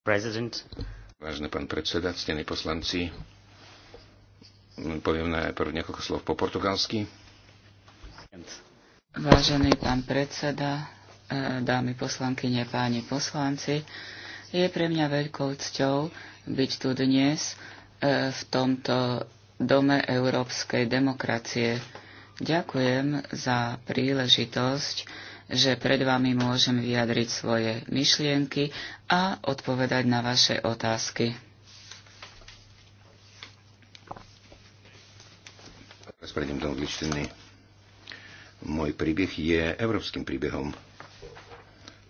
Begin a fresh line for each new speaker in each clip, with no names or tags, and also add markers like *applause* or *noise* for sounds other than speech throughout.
President. Vážený pán predseda, ctení poslanci, poviem najprv niekoľko slov po portugalsky.
Vážený pán predseda, e, dámy poslankyne, páni poslanci, je pre mňa veľkou cťou byť tu dnes e, v tomto Dome európskej demokracie. Ďakujem za príležitosť že pred vami môžem vyjadriť svoje myšlienky a odpovedať na vaše otázky.
Teraz prejdem do angličtiny. Môj príbeh je európskym príbehom.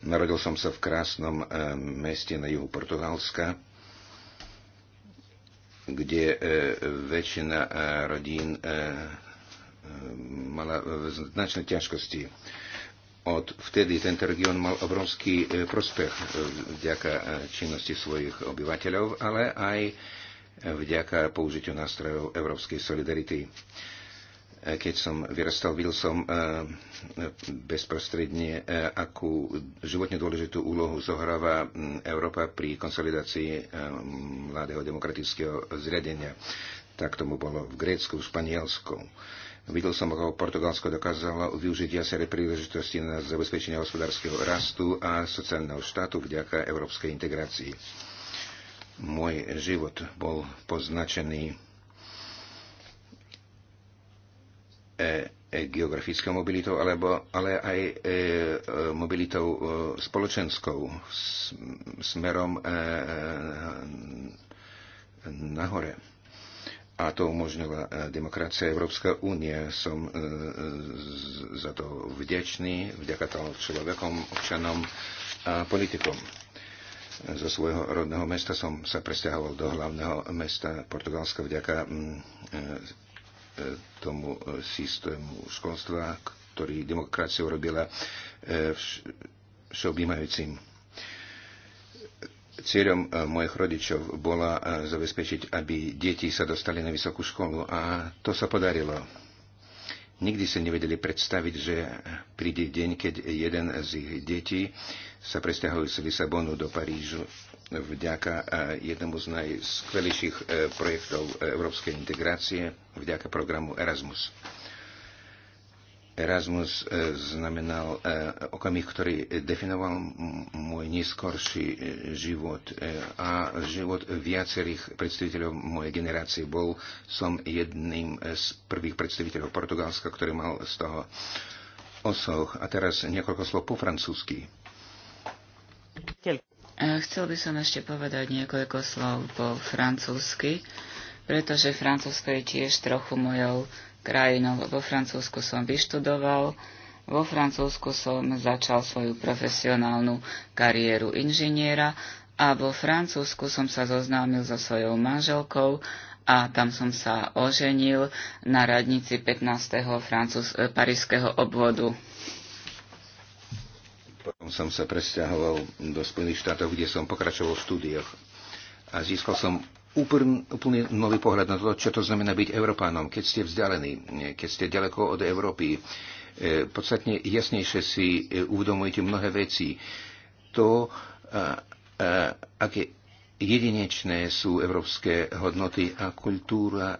Narodil som sa v krásnom eh, meste na juhu Portugalska, kde eh, väčšina eh, rodín mala značné ťažkosti od vtedy tento region mal obrovský e, prospech e, vďaka e, činnosti svojich obyvateľov, ale aj vďaka použitiu nástrojov európskej solidarity. Keď som vyrastal, videl som bezprostredne, akú životne dôležitú úlohu zohráva Európa pri konsolidácii mladého demokratického zriadenia. Tak tomu bolo v Grécku, v Španielsku Videl som, ako Portugalsko dokázalo využiť viaceré príležitosti na zabezpečenie hospodárskeho rastu a sociálneho štátu vďaka európskej integrácii. Môj život bol poznačený e, e, geografickou mobilitou, alebo, ale aj e, e, mobilitou e, spoločenskou s, smerom e, e, nahore a to umožnila e, demokracia Európska únie. Som e, e, za to vďačný, vďaka tomu človekom, občanom a politikom. Zo svojho rodného mesta som sa presťahoval do hlavného mesta Portugalska vďaka mm, tomu systému školstva, ktorý demokracia urobila všeobjímajúcim Cieľom e, mojich rodičov bola e, zabezpečiť, aby deti sa dostali na vysokú školu a to sa podarilo. Nikdy sa nevedeli predstaviť, že príde deň, keď jeden z ich detí sa presťahujú z Lisabonu do Parížu vďaka e, jednomu z najskvelejších projektov európskej integrácie, vďaka programu Erasmus. Erasmus e, znamenal e, okamih, ktorý definoval môj neskorší e, život a život viacerých predstaviteľov mojej generácie. Bol som jedným z prvých predstaviteľov Portugalska, ktorý mal z toho osoch. A teraz niekoľko slov po francúzsky.
Chcel by som ešte povedať niekoľko slov po francúzsky, pretože francúzsko je tiež trochu mojou krajinou. Vo Francúzsku som vyštudoval, vo Francúzsku som začal svoju profesionálnu kariéru inžiniera a vo Francúzsku som sa zoznámil so svojou manželkou a tam som sa oženil na radnici 15. Francúz, e, parížského obvodu.
Potom som sa presťahoval do Spojených štátov, kde som pokračoval v štúdiách a získal som úpln, úplne nový pohľad na to, čo to znamená byť Európánom, keď ste vzdialení, keď ste ďaleko od Európy. E, podstatne jasnejšie si e, uvedomujete mnohé veci. To, e, aké jedinečné sú európske hodnoty a kultúra,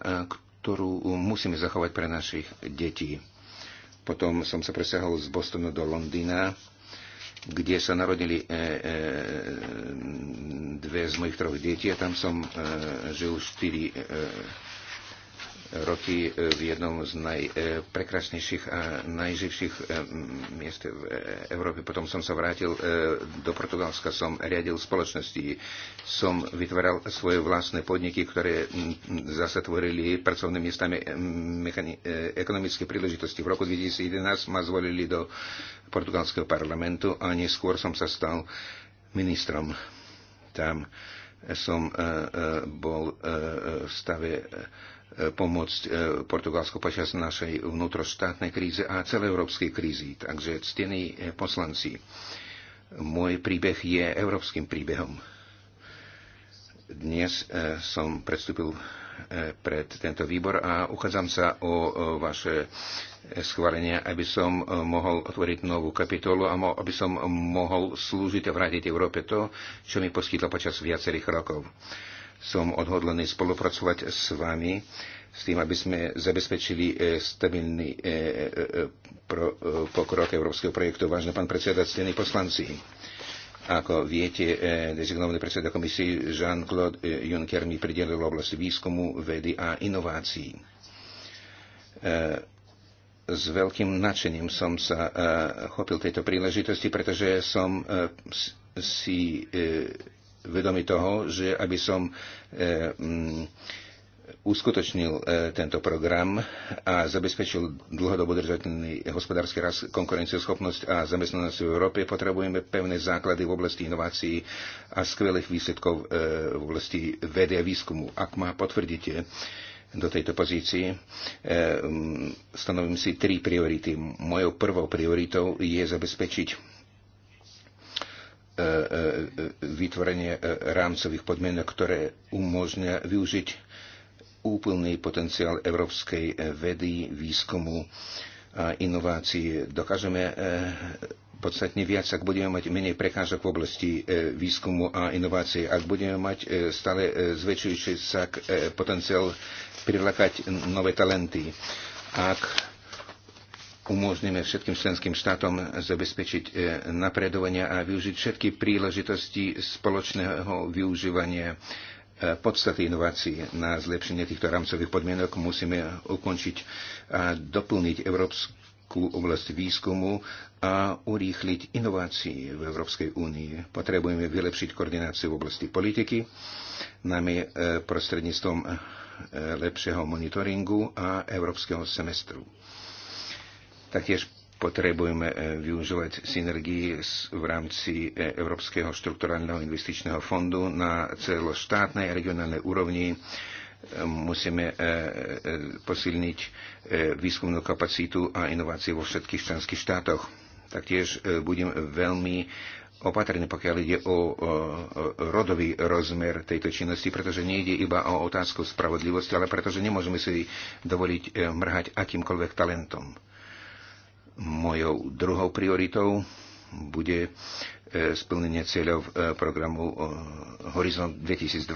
ktorú musíme zachovať pre našich detí. Potom som sa presahol z Bostonu do Londýna kde sa narodili e, e, dve z mojich troch detí a tam som e, žil 4 roky e, v jednom z najprekrasnejších a najživších e, miest v Európe. Potom som sa vrátil e, do Portugalska, som riadil spoločnosti, som vytváral svoje vlastné podniky, ktoré zase tvorili pracovné miesta, ekonomické príležitosti. V roku 2011 ma zvolili do portugalského parlamentu a neskôr som sa stal ministrom tam som bol v stave pomôcť e, Portugalsko počas našej vnútroštátnej kríze a celoeurópskej krízy. Takže ctení e, poslanci, môj príbeh je európskym príbehom. Dnes e, som predstúpil pred tento výbor a uchádzam sa o vaše schválenie, aby som mohol otvoriť novú kapitolu a aby som mohol slúžiť a vrátiť Európe to, čo mi poskytlo počas viacerých rokov som odhodlený spolupracovať s vami s tým, aby sme zabezpečili e, stabilný e, e, pokrok európskeho projektu. Vážne pán predseda, ctení poslanci, ako viete, dezignovaný predseda komisie Jean-Claude Juncker mi pridelil oblasti výskumu, vedy a inovácií. S veľkým nadšením som sa chopil tejto príležitosti, pretože som si vedomý toho, že aby som e, mm, uskutočnil e, tento program a zabezpečil dlhodobo držateľný hospodársky rast, konkurencieschopnosť a zamestnanosť v Európe, potrebujeme pevné základy v oblasti inovácií a skvelých výsledkov e, v oblasti vedy a výskumu. Ak ma potvrdíte do tejto pozície, mm, stanovím si tri priority. Mojou prvou prioritou je zabezpečiť E, e, vytvorenie e, rámcových podmienok, ktoré umožňa využiť úplný potenciál európskej vedy, výskumu a inovácií. Dokážeme podstatne viac, ak budeme mať menej prekážok v oblasti výskumu a inovácií, ak budeme mať stále zväčšujúci sa potenciál prilákať nové talenty, ak umožníme všetkým členským štátom zabezpečiť e, napredovanie a využiť všetky príležitosti spoločného využívania e, podstaty inovácií na zlepšenie týchto rámcových podmienok musíme ukončiť a doplniť európsku oblasť výskumu a urýchliť inovácii v Európskej únii. Potrebujeme vylepšiť koordináciu v oblasti politiky, nami e, prostredníctvom lepšieho monitoringu a európskeho semestru. Taktiež potrebujeme e, využívať synergii v rámci e, Európskeho štrukturálneho investičného fondu na celoštátnej a regionálnej úrovni. E, musíme posilniť výskumnú kapacitu a inovácie vo všetkých členských štátoch. Taktiež budem veľmi opatrný, pokiaľ ide o, rodový rozmer tejto činnosti, pretože nejde iba o otázku spravodlivosti, ale pretože nemôžeme si dovoliť mrhať akýmkoľvek talentom. Mojou druhou prioritou bude e, splnenie cieľov e, programu e, Horizont 2020.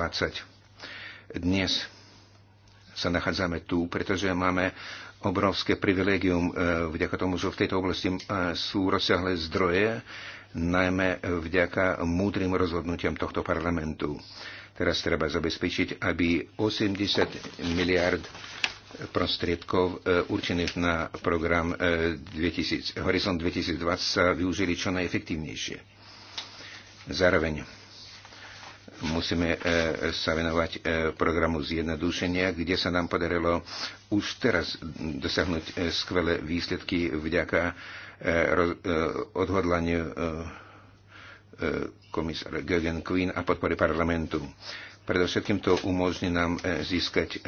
Dnes sa nachádzame tu, pretože máme obrovské privilegium vďaka tomu, že v tejto oblasti sú rozsiahle zdroje, najmä vďaka múdrym rozhodnutiam tohto parlamentu. Teraz treba zabezpečiť, aby 80 miliard prostriedkov e, určených na program 2000, e, Horizont 2020 sa využili čo najefektívnejšie. Zároveň musíme e, sa venovať programu zjednodušenia, kde sa nám podarilo už teraz dosiahnuť skvelé výsledky vďaka odhodlaniu komisára Gögen Queen a podpory parlamentu. Predovšetkým to umožní nám e, získať e,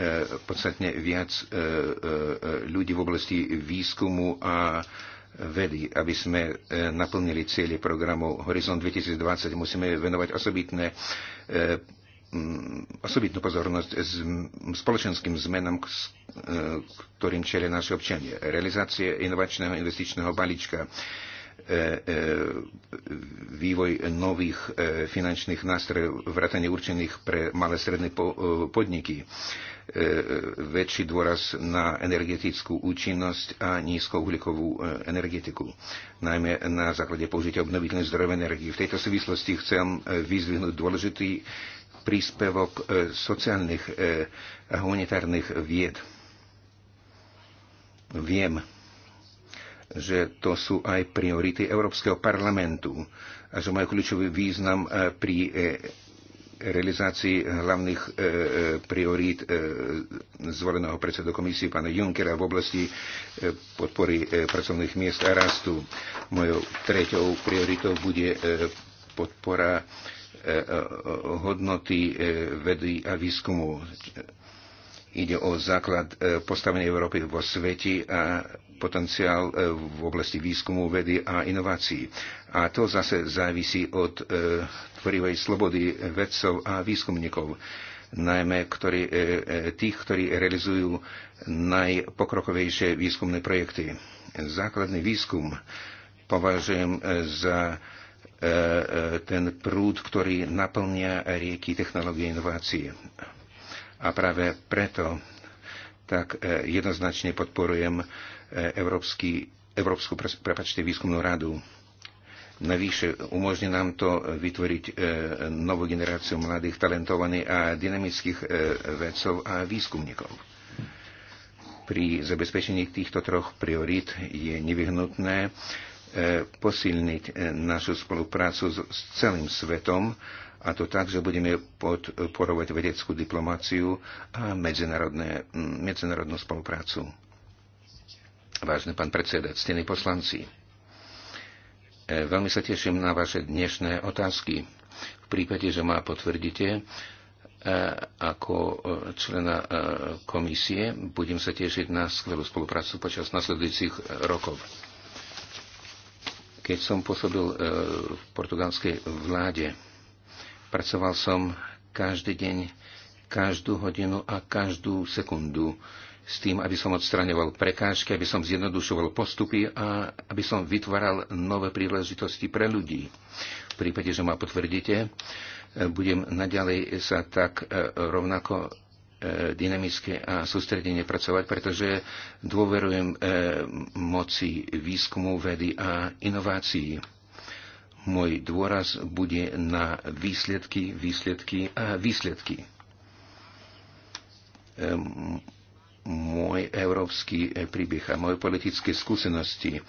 podstatne viac e, ľudí v oblasti výskumu a vedy. Aby sme naplnili cieľe programu Horizont 2020, musíme venovať osobitné osobitnú pozornosť s spoločenským zmenám, ktorým čelia naši občania. Realizácie inovačného investičného balíčka E, e, vývoj nových e, finančných nástrojov vrátane určených pre malé stredné podniky, väčší dôraz na energetickú účinnosť a nízkouhlíkovú energetiku, najmä na základe použitia obnoviteľných zdrojov energii. V tejto súvislosti chcem vyzvihnúť dôležitý príspevok sociálnych a humanitárnych vied. Viem, že to sú aj priority Európskeho parlamentu a že majú kľúčový význam e, pri e, realizácii hlavných e, priorít zvoleného predsedu komisie pána Junckera v oblasti podpory pracovných miest a rastu. Mojou treťou prioritou bude podpora hodnoty vedy a výskumu. Ide o základ postavenia Európy vo svete a potenciál e, v oblasti výskumu, vedy a inovácií. A to zase závisí od e, tvorivej slobody vedcov a výskumníkov najmä ktorý, e, tých, ktorí realizujú najpokrokovejšie výskumné projekty. Základný výskum považujem za ten prúd, ktorý naplňa rieky technológie inovácií. A práve preto tak jednoznačne podporujem E, Európsky, Európsku prepačte, výskumnú radu. Navyše umožní nám to vytvoriť e, novú generáciu mladých, talentovaných a dynamických e, vedcov a výskumníkov. Pri zabezpečení týchto troch priorít je nevyhnutné posilniť našu spoluprácu s celým svetom, a to tak, že budeme podporovať vedeckú diplomáciu a medzinárodnú spoluprácu. Vážny pán predseda, ctení poslanci, e, veľmi sa teším na vaše dnešné otázky. V prípade, že ma potvrdíte e, ako e, člena komisie, budem sa tešiť na skvelú spoluprácu počas nasledujúcich rokov. Keď som pôsobil v portugalskej vláde, pracoval som každý deň, každú hodinu a každú sekundu s tým, aby som odstraňoval prekážky, aby som zjednodušoval postupy a aby som vytváral nové príležitosti pre ľudí. V prípade, že ma potvrdíte, budem naďalej sa tak e, rovnako e, dynamicky a sústredenie pracovať, pretože dôverujem e, moci výskumu, vedy a inovácií. Môj dôraz bude na výsledky, výsledky a výsledky môj európsky e, príbeh a moje politické skúsenosti e,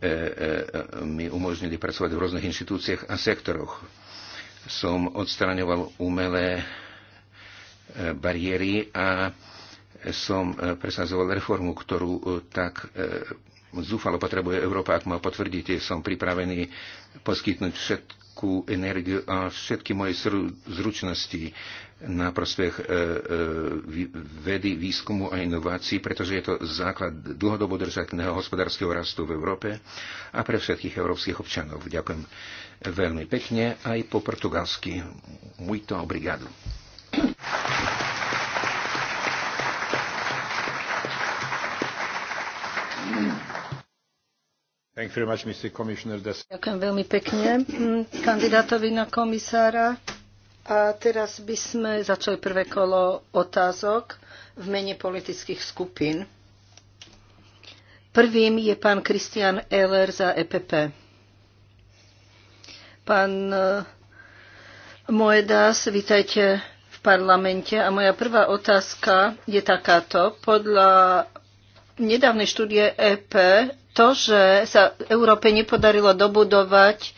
e, mi umožnili pracovať v rôznych inštitúciách a sektoroch. Som odstraňoval umelé bariéry a som presazoval reformu, ktorú tak zúfalo potrebuje Európa. Ak ma potvrdíte, som pripravený poskytnúť všetko všetku energiu a všetky moje zručnosti na prospech e, e, vedy, výskumu a inovácií, pretože je to základ dlhodobo držateľného hospodárskeho rastu v Európe a pre všetkých európskych občanov. Ďakujem veľmi pekne aj po portugalsky. Muito obrigado. Ďakujem
veľmi pekne hm, kandidátovi na komisára. A teraz by sme začali prvé kolo otázok v mene politických skupín. Prvým je pán Kristian Eller za EPP. Pán eh, Moedas, vítajte v parlamente. A moja prvá otázka je takáto. Podľa nedávnej štúdie EP to, že sa Európe nepodarilo dobudovať e,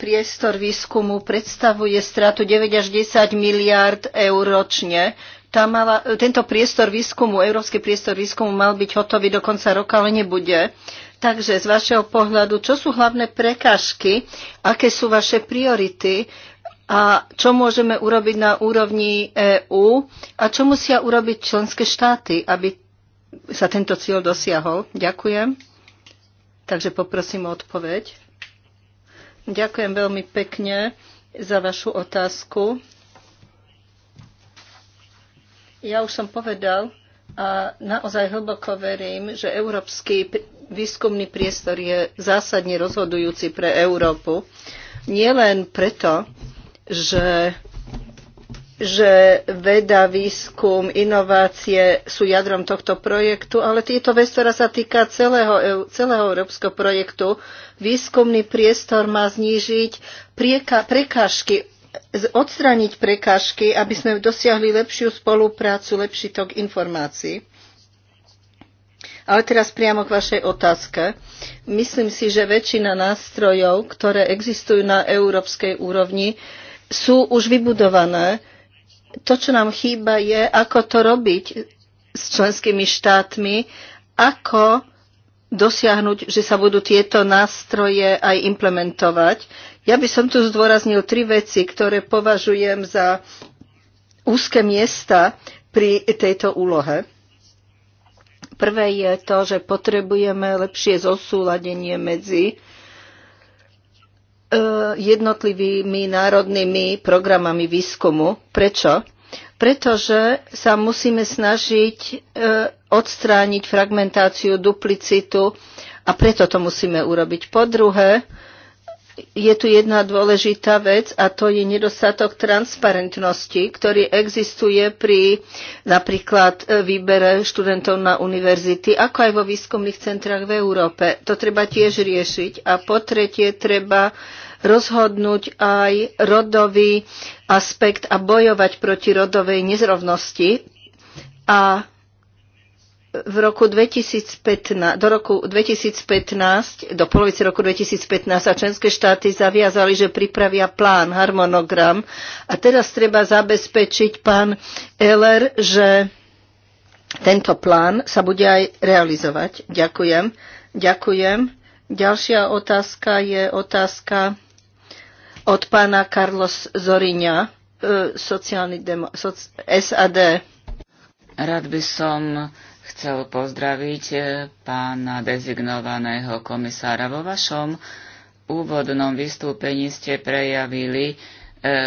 priestor výskumu predstavuje stratu 9 až 10 miliárd eur ročne. Tá mala, tento priestor výskumu, európsky priestor výskumu mal byť hotový do konca roka, ale nebude. Takže z vašeho pohľadu, čo sú hlavné prekážky, aké sú vaše priority a čo môžeme urobiť na úrovni EÚ a čo musia urobiť členské štáty, aby sa tento cieľ dosiahol? Ďakujem. Takže poprosím o odpoveď. Ďakujem veľmi pekne za vašu otázku. Ja už som povedal a naozaj hlboko verím, že európsky výskumný priestor je zásadne rozhodujúci pre Európu. Nie len preto, že že veda, výskum, inovácie sú jadrom tohto projektu, ale tieto vec, ktorá sa týka celého, celého európskeho projektu. Výskumný priestor má znížiť prieka, prekážky, odstrániť prekážky, aby sme dosiahli lepšiu spoluprácu, lepší tok informácií. Ale teraz priamo k vašej otázke. Myslím si, že väčšina nástrojov, ktoré existujú na európskej úrovni, sú už vybudované to, čo nám chýba, je, ako to robiť s členskými štátmi, ako dosiahnuť, že sa budú tieto nástroje aj implementovať. Ja by som tu zdôraznil tri veci, ktoré považujem za úzke miesta pri tejto úlohe. Prvé je to, že potrebujeme lepšie zosúladenie medzi jednotlivými národnými programami výskumu. Prečo? Pretože sa musíme snažiť e, odstrániť fragmentáciu, duplicitu a preto to musíme urobiť. Po druhé, je tu jedna dôležitá vec a to je nedostatok transparentnosti, ktorý existuje pri napríklad e, výbere študentov na univerzity, ako aj vo výskumných centrách v Európe. To treba tiež riešiť. A po tretie, treba rozhodnúť aj rodový aspekt a bojovať proti rodovej nezrovnosti. A v roku 2015, do roku 2015, do polovice roku 2015 sa členské štáty zaviazali, že pripravia plán, harmonogram. A teraz treba zabezpečiť pán Eller, že tento plán sa bude aj realizovať. Ďakujem. Ďakujem. Ďalšia otázka je otázka od pána Carlos Zorinia, e,
sociálny demo, soc, SAD. Rád by som chcel pozdraviť e, pána dezignovaného komisára. Vo vašom úvodnom vystúpení ste prejavili e,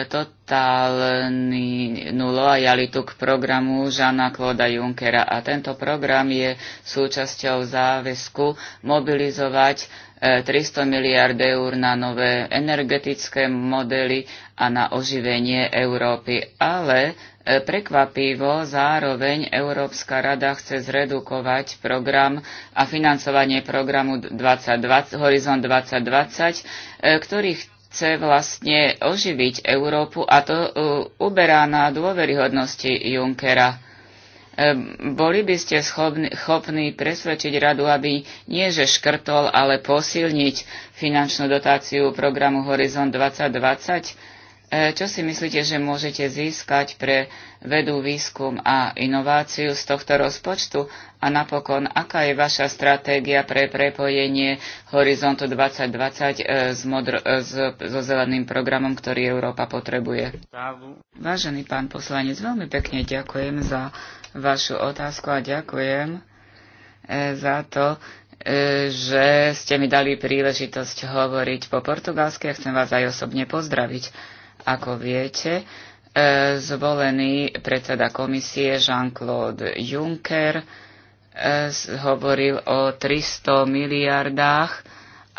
totálny loajalitu k programu Žana Kloda Junckera. A tento program je súčasťou záväzku mobilizovať 300 miliard eur na nové energetické modely a na oživenie Európy. Ale e, prekvapivo zároveň Európska rada chce zredukovať program a financovanie programu 2020, Horizon 2020, ktorý chce vlastne oživiť Európu a to e, uberá na dôveryhodnosti Junckera Ehm, boli by ste schopni, schopní presvedčiť radu, aby nie že škrtol, ale posilniť finančnú dotáciu programu Horizon 2020? Ehm, čo si myslíte, že môžete získať pre vedú výskum a inováciu z tohto rozpočtu? A napokon, aká je vaša stratégia pre prepojenie Horizontu 2020 ehm, s, modr- s, so zeleným programom, ktorý Európa potrebuje? Vážený pán poslanec, veľmi pekne ďakujem za vašu otázku a ďakujem e, za to, e, že ste mi dali príležitosť hovoriť po portugalsky a chcem vás aj osobne pozdraviť. Ako viete, e, zvolený predseda komisie Jean-Claude Juncker hovoril o 300 miliardách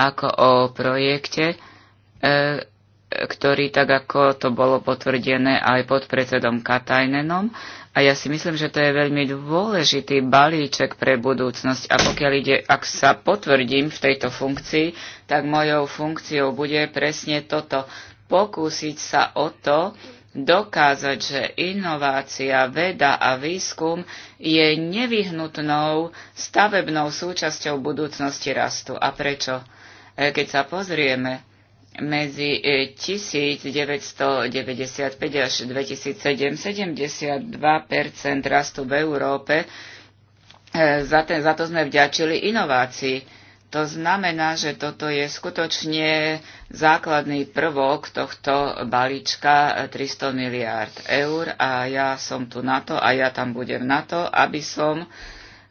ako o projekte, ktorý, tak ako to bolo potvrdené aj pod predsedom Katajnenom, a ja si myslím, že to je veľmi dôležitý balíček pre budúcnosť. A pokiaľ ide, ak sa potvrdím v tejto funkcii, tak mojou funkciou bude presne toto. Pokúsiť sa o to, dokázať, že inovácia, veda a výskum je nevyhnutnou stavebnou súčasťou budúcnosti rastu. A prečo? E, keď sa pozrieme medzi 1995 e, až 2007 72 rastu v Európe. E, za, ten, za to sme vďačili inovácii. To znamená, že toto je skutočne základný prvok tohto balíčka 300 e, miliárd eur a ja som tu na to a ja tam budem na to, aby som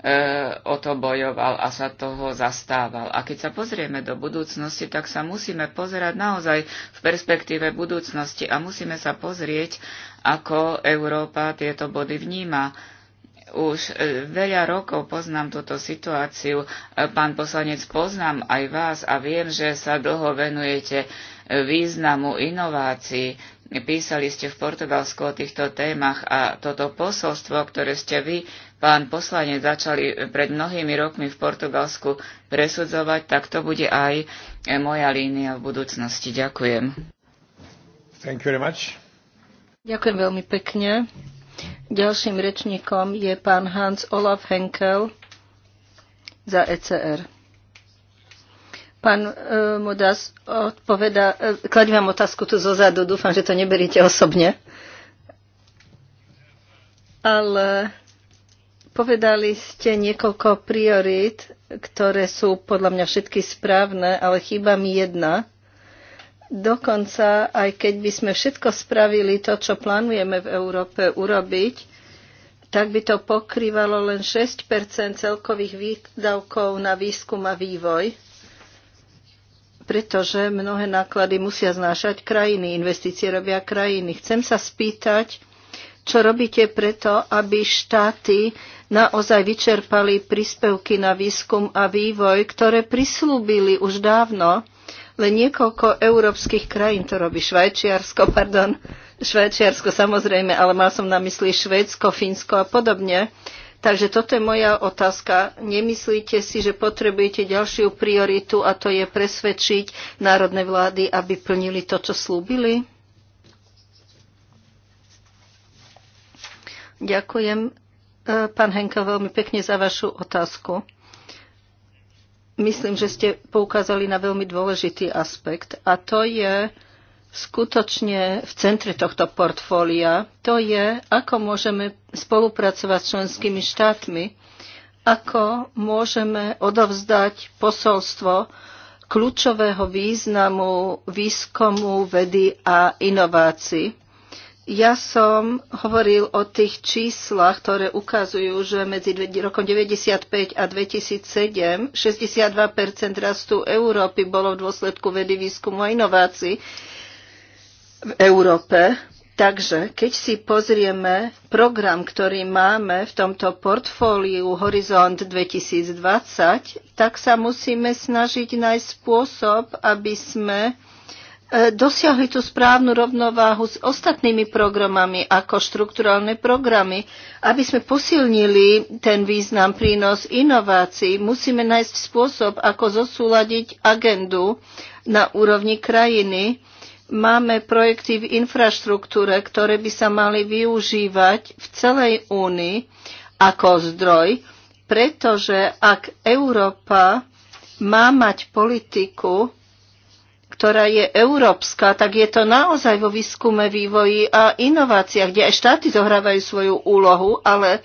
E, o to bojoval a sa toho zastával. A keď sa pozrieme do budúcnosti, tak sa musíme pozerať naozaj v perspektíve budúcnosti a musíme sa pozrieť, ako Európa tieto body vníma. Už e, veľa rokov poznám túto situáciu. E, pán poslanec, poznám aj vás a viem, že sa dlho venujete významu inovácií. Písali ste v Portugalsku o týchto témach a toto posolstvo, ktoré ste vy, pán poslanec, začali pred mnohými rokmi v Portugalsku presudzovať, tak to bude aj moja línia v budúcnosti. Ďakujem. Thank you very much.
Ďakujem veľmi pekne. Ďalším rečníkom je pán Hans Olaf Henkel za ECR. Pán e, Modas odpoveda, e, kladím vám otázku tu zozadu, dúfam, že to neberiete osobne. Ale povedali ste niekoľko priorít, ktoré sú podľa mňa všetky správne, ale chýba mi jedna. Dokonca, aj keď by sme všetko spravili, to, čo plánujeme v Európe urobiť, tak by to pokrývalo len 6 celkových výdavkov na výskum a vývoj pretože mnohé náklady musia znášať krajiny, investície robia krajiny. Chcem sa spýtať, čo robíte preto, aby štáty naozaj vyčerpali príspevky na výskum a vývoj, ktoré prislúbili už dávno, len niekoľko európskych krajín to robí. Švajčiarsko, *laughs* pardon, Švajčiarsko samozrejme, ale mal som na mysli Švédsko, Fínsko a podobne. Takže toto je moja otázka. Nemyslíte si, že potrebujete ďalšiu prioritu a to je presvedčiť národné vlády, aby plnili to, čo slúbili? Ďakujem, e, pán Henka, veľmi pekne za vašu otázku. Myslím, že ste poukázali na veľmi dôležitý aspekt a to je skutočne v centre tohto portfólia, to je, ako môžeme spolupracovať s členskými štátmi, ako môžeme odovzdať posolstvo kľúčového významu výskumu, vedy a inovácií. Ja som hovoril o tých číslach, ktoré ukazujú, že medzi rokom 1995 a 2007 62 rastu Európy bolo v dôsledku vedy, výskumu a inovácií v Európe. Takže keď si pozrieme program, ktorý máme v tomto portfóliu Horizont 2020, tak sa musíme snažiť nájsť spôsob, aby sme e, dosiahli tú správnu rovnováhu s ostatnými programami ako štrukturálne programy. Aby sme posilnili ten význam prínos inovácií, musíme nájsť spôsob, ako zosúladiť agendu na úrovni krajiny Máme projekty v infraštruktúre, ktoré by sa mali využívať v celej únii ako zdroj, pretože ak Európa má mať politiku, ktorá je európska, tak je to naozaj vo výskume, vývoji a inováciách, kde aj štáty zohrávajú svoju úlohu, ale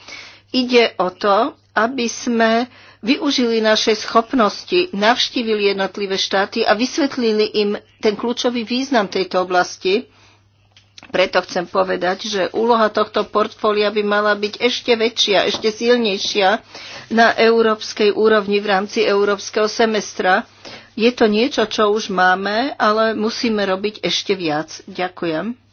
ide o to, aby sme využili naše schopnosti, navštívili jednotlivé štáty a vysvetlili im ten kľúčový význam tejto oblasti. Preto chcem povedať, že úloha tohto portfólia by mala byť ešte väčšia, ešte silnejšia na európskej úrovni v rámci európskeho semestra. Je to niečo, čo už máme, ale musíme robiť ešte viac. Ďakujem.